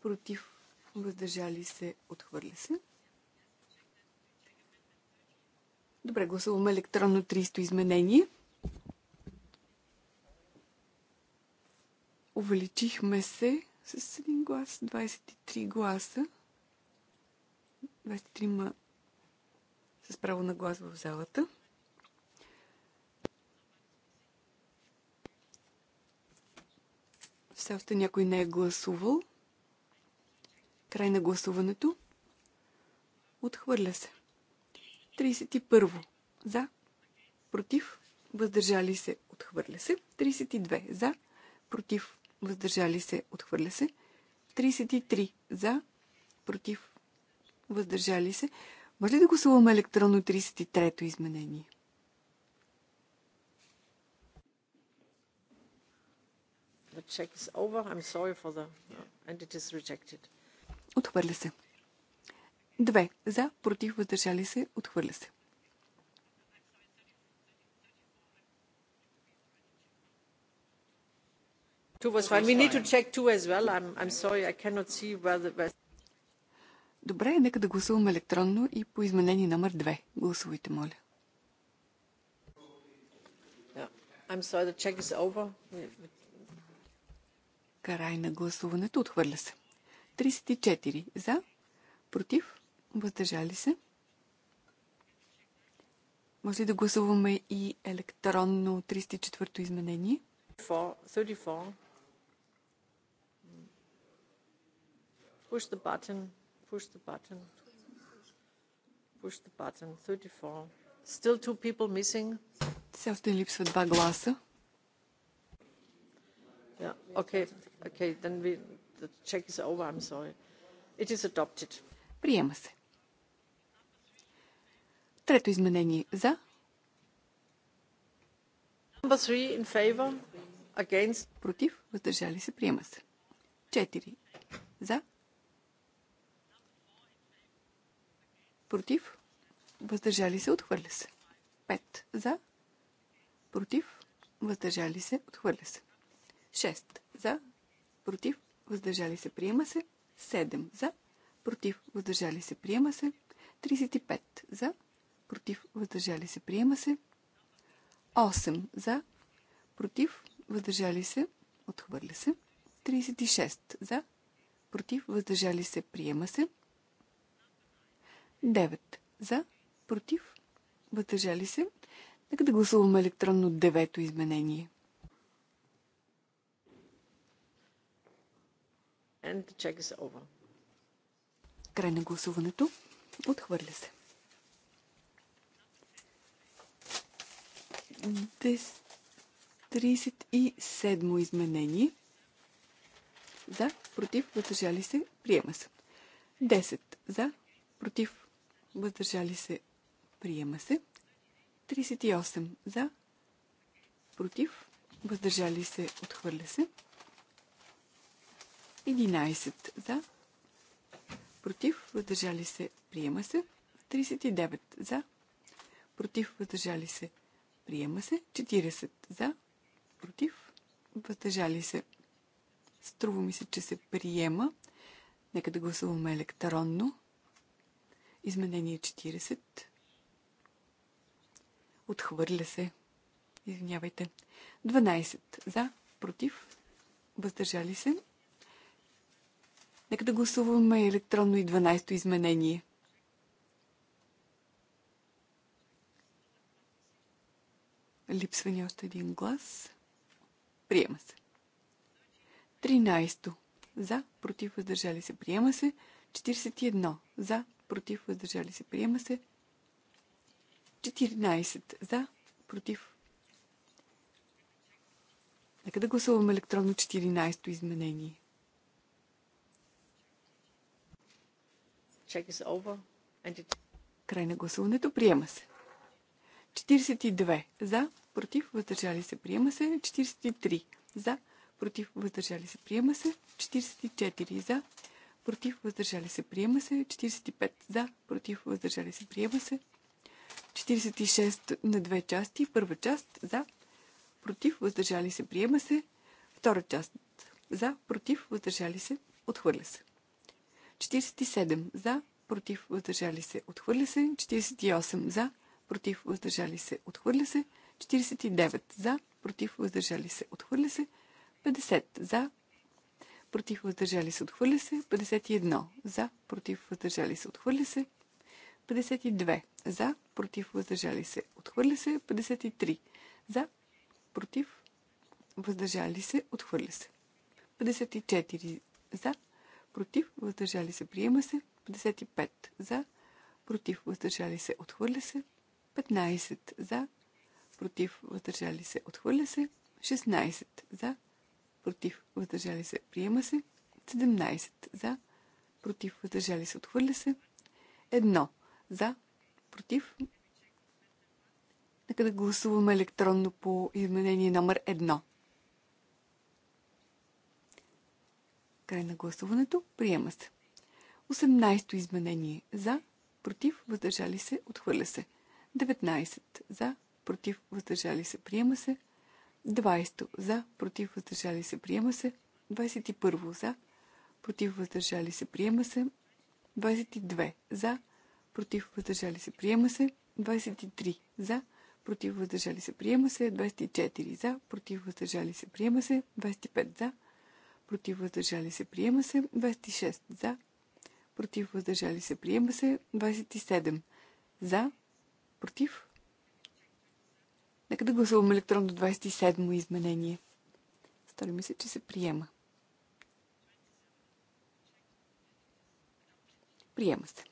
против въздържали се, отхвърля се. Добре, гласуваме електронно 300 изменение. Увеличихме се с един глас, 23 гласа. 23 ма с право на глас в залата. Все още някой не е гласувал. Край на гласуването. Отхвърля се. 31. За. Против. Въздържали се. Отхвърля се. 32. За. Против. Въздържали се. Отхвърля се. 33. За. Против. Въздържали се. Може ли да гласуваме електронно 33-то изменение? The check is over. I'm sorry for the... Uh, and it is rejected. Отхвърля се. 2. За, против, въздържали се, отхвърля се. Добре, нека да гласуваме електронно и по изменение номер 2. Гласувайте, моля. I'm sorry, the check is over. Карай на гласуването. Отхвърля се. 34 за, против, Въздържали се. Може ли да гласуваме и електронно 304-то изменение? 34. Push the button. Push the button. Push the button. 34. Still two people missing. Все още липсват два гласа. Yeah. Okay. Okay. Then we, the check is over. I'm sorry. It is adopted. Приема се. Трето изменение. За. Против. Въздържали се. Приема се. 4. За. Против. Въздържали се. Отхвърля се. 5. За. Против. Въздържали се. Отхвърля се. 6. За. Против. Въздържали се. Приема се. 7. За. Против. Въздържали се. Приема се. 35. За против, въздържали се, приема се. 8 за, против, въздържали се, отхвърля се. 36 за, против, въздържали се, приема се. 9 за, против, въздържали се. Нека да гласуваме електронно девето изменение. Край на гласуването. Отхвърля се. 37 изменение. За, против, въздържали се, приема се. 10. За, против, въздържали се, приема се. 38. За, против, въздържали се, отхвърля се. 11. За, против, въздържали се, приема се. 39. За, против, въздържали се, Приема се 40 за, против, въздържали се. Струва ми се, че се приема. Нека да гласуваме електронно. Изменение 40. Отхвърля се. Извинявайте. 12 за, против, въздържали се. Нека да гласуваме електронно и 12-то изменение. Липсва ни още един глас. Приема се. 13. За, против, въздържали се. Приема се. 41. За, против, въздържали се. Приема се. 14. За, против. Нека да гласуваме електронно 14-то изменение. Край на гласуването. Приема се. 42. За, против, въздържали се, приема се. 43 за, против, въздържали се, приема се. 44 за, против, въздържали се, приема се. 45 за, против, въздържали се, приема се. 46 на две части. Първа част за, против, въздържали се, приема се. Втора част за, против, въздържали се, отхвърля се. 47 за, против, въздържали се, отхвърля се. 48 за, против, въздържали се, отхвърля се. 49 за, против, въздържали се, отхвърля се. 50 за, против, въздържали се, отхвърля се. 51 за, против, въздържали се, отхвърля се. 52 за, против, въздържали се, отхвърля се. 53 за, против, въздържали се, отхвърля се. 54 за, против, въздържали се, приема се. 55 за, против, въздържали се, отхвърля се. 15 за, против, въздържали се, отхвърля се. 16 за, против, въздържали се, приема се. 17 за, против, въздържали се, отхвърля се. 1 за, против. Нека да гласуваме електронно по изменение номер 1. Край на гласуването. Приема се. 18 изменение за, против, въздържали се, отхвърля се. 19 за, против, въздържали се, приема се. 20 за, против, въздържали се, приема се. 21 за, против, въздържали се, приема се. 22 за, против, въздържали се, приема се. 23 за, против, въздържали се, приема се. 24 за, против, въздържали се, приема се. 25 за, против, въздържали се, приема се. 26 за, против, въздържали се, приема се. 27 за, против, Нека да гласуваме електронно 27 изменение. Стори ми се, че се приема. Приема се.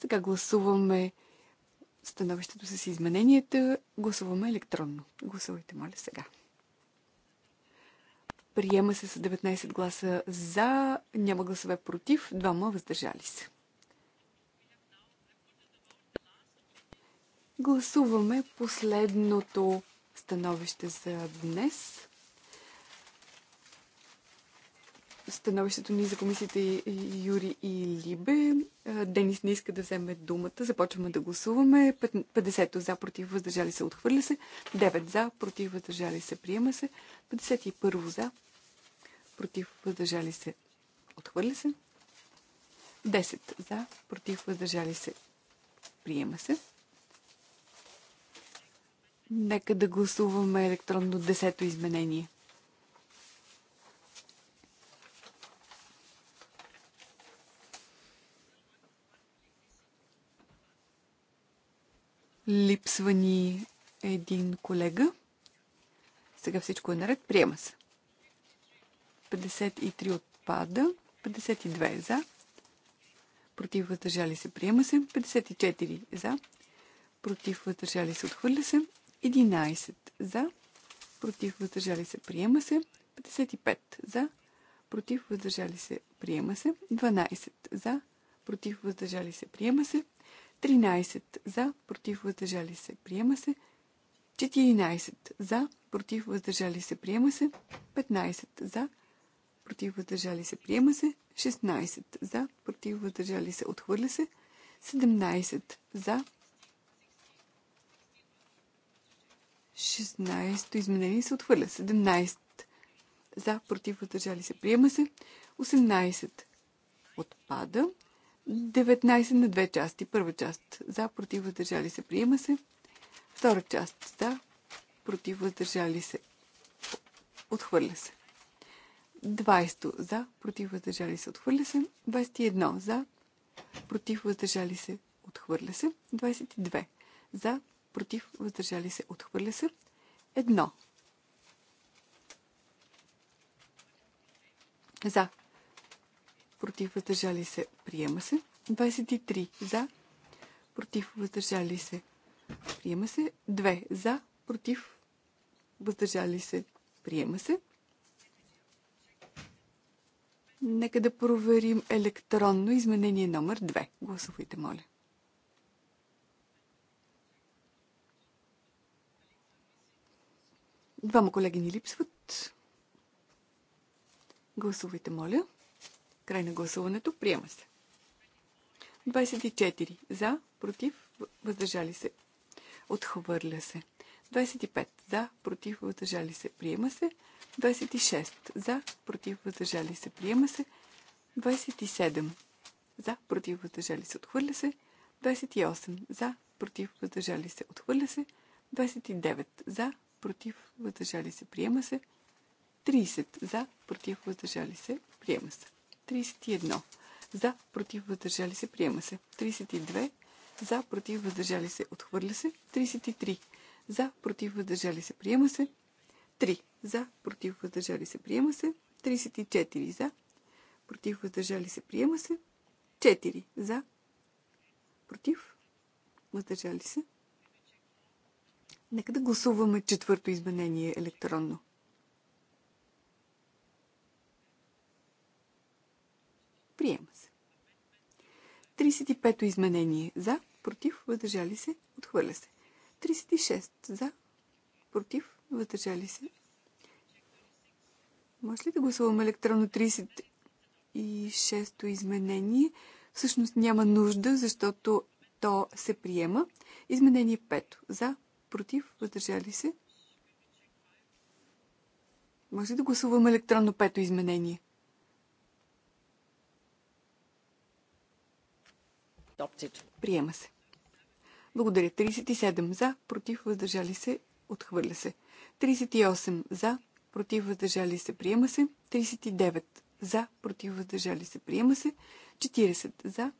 Сега гласуваме становището с измененията. Гласуваме електронно. Гласувайте, моля, сега. Приема се с 19 гласа за, няма гласове против, двама въздържали се. Гласуваме последното становище за днес. Становището ни за комисията Юри и Либе. Денис не иска да вземе думата. Започваме да гласуваме. 50 за, против, въздържали се, отхвърля се. 9 за, против, въздържали се, приема се. 51 за, против, въздържали се, отхвърля се. 10 за, против, въздържали се, приема се. Нека да гласуваме електронно десето изменение. Липсва ни един колега. Сега всичко е наред. Приема се. 53 отпада. 52 е за. Против въздържали се. Приема се. 54 е за. Против въздържали се. Отхвърля се. 11 за, против, въздържали се, приема се. 55 за, против, въздържали се, приема се. 12 за, против, въздържали се, приема се. 13 за, против, въздържали се, приема се. 14 за, против, въздържали се, приема се. 15 за, против, въздържали се, приема се. 16 за, против, въздържали се, отхвърля се. 17 за, 16-то изменение се отхвърля. 17 за, против, въздържали се, приема се. 18 отпада. 19 на две части. Първа част за, против, въздържали се, приема се. Втора част за, против, въздържали се, отхвърля се. 20 за, против, въздържали се, отхвърля се. 21 за, против, въздържали се, отхвърля се. 22 за, против, въздържали се, отхвърля се. Едно. За. Против, въздържали се, приема се. 23. За. Против, въздържали се, приема се. 2. За. Против, въздържали се, приема се. Нека да проверим електронно изменение номер 2. Гласувайте, моля. Двама колеги ни липсват. Гласувайте, моля. Край на гласуването. Приема се. 24. За, против, въздържали се. Отхвърля се. 25. За, против, въздържали се. Приема се. 26. За, против, въздържали се. Приема се. 27. За, против, въздържали се. Отхвърля се. 28. За, против, въздържали се. Отхвърля се. 29. За, против, въздържали се, приема се. 30 за, против, въздържали се, приема се. 31 за, против, въздържали се, приема се. 32 за, против, въздържали се, отхвърля се. 33 за, против, въздържали се, приема се. 3 за, против, въздържали се, приема се. 34 за, против, въздържали се, приема се. 4 за, против, въздържали се, Нека да гласуваме четвърто изменение електронно. Приема се. 35-то изменение. За, против, въздържали се, отхвърля се. 36. За, против, въздържали се. Може ли да гласуваме електронно 36-то изменение? Всъщност няма нужда, защото то се приема. Изменение 5. За, против, въздържали се. Може да гласуваме електронно пето изменение. Приема се. Благодаря. 37 за, против, въздържали се, отхвърля се. 38 за, против, въздържали се, приема се. 39 за, против, въздържали се, приема се. 40 за,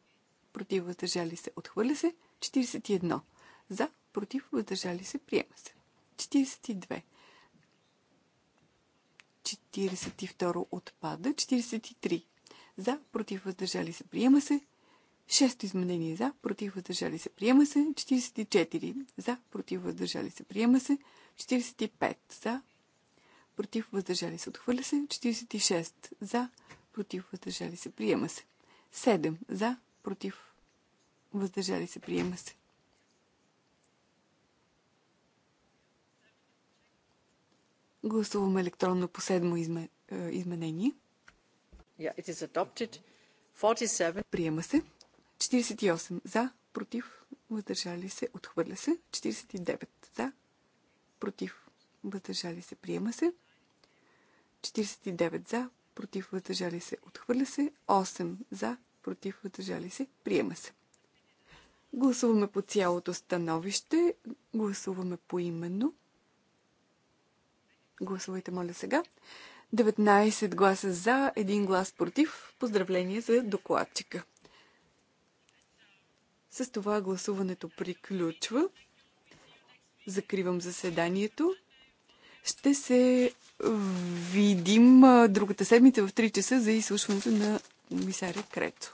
против, въздържали се, отхвърля се. 41 за, против, въздържали се, приема се. 42. 42 отпада. 43. За, против, въздържали се, приема се. Шесто изменение за, против, въздържали се, приема се. 44. За, против, въздържали се, приема се. 45. За, против, въздържали се, отхвърля се. 46. За, против, въздържали се, приема се. 7. За, против, въздържали се, приема се. Гласуваме електронно по седмо изме, е, изменение. Yeah, it is adopted. 47. Приема се. 48 за, против, въздържали се, отхвърля се. 49 за, против, въздържали се, приема се. 49 за, против, въздържали се, отхвърля се. 8 за, против, въздържали се, приема се. Гласуваме по цялото становище. Гласуваме по именно. Гласувайте, моля сега. 19 гласа за, 1 глас против. Поздравление за докладчика. С това гласуването приключва. Закривам заседанието. Ще се видим другата седмица в 3 часа за изслушването на комисаря Крето.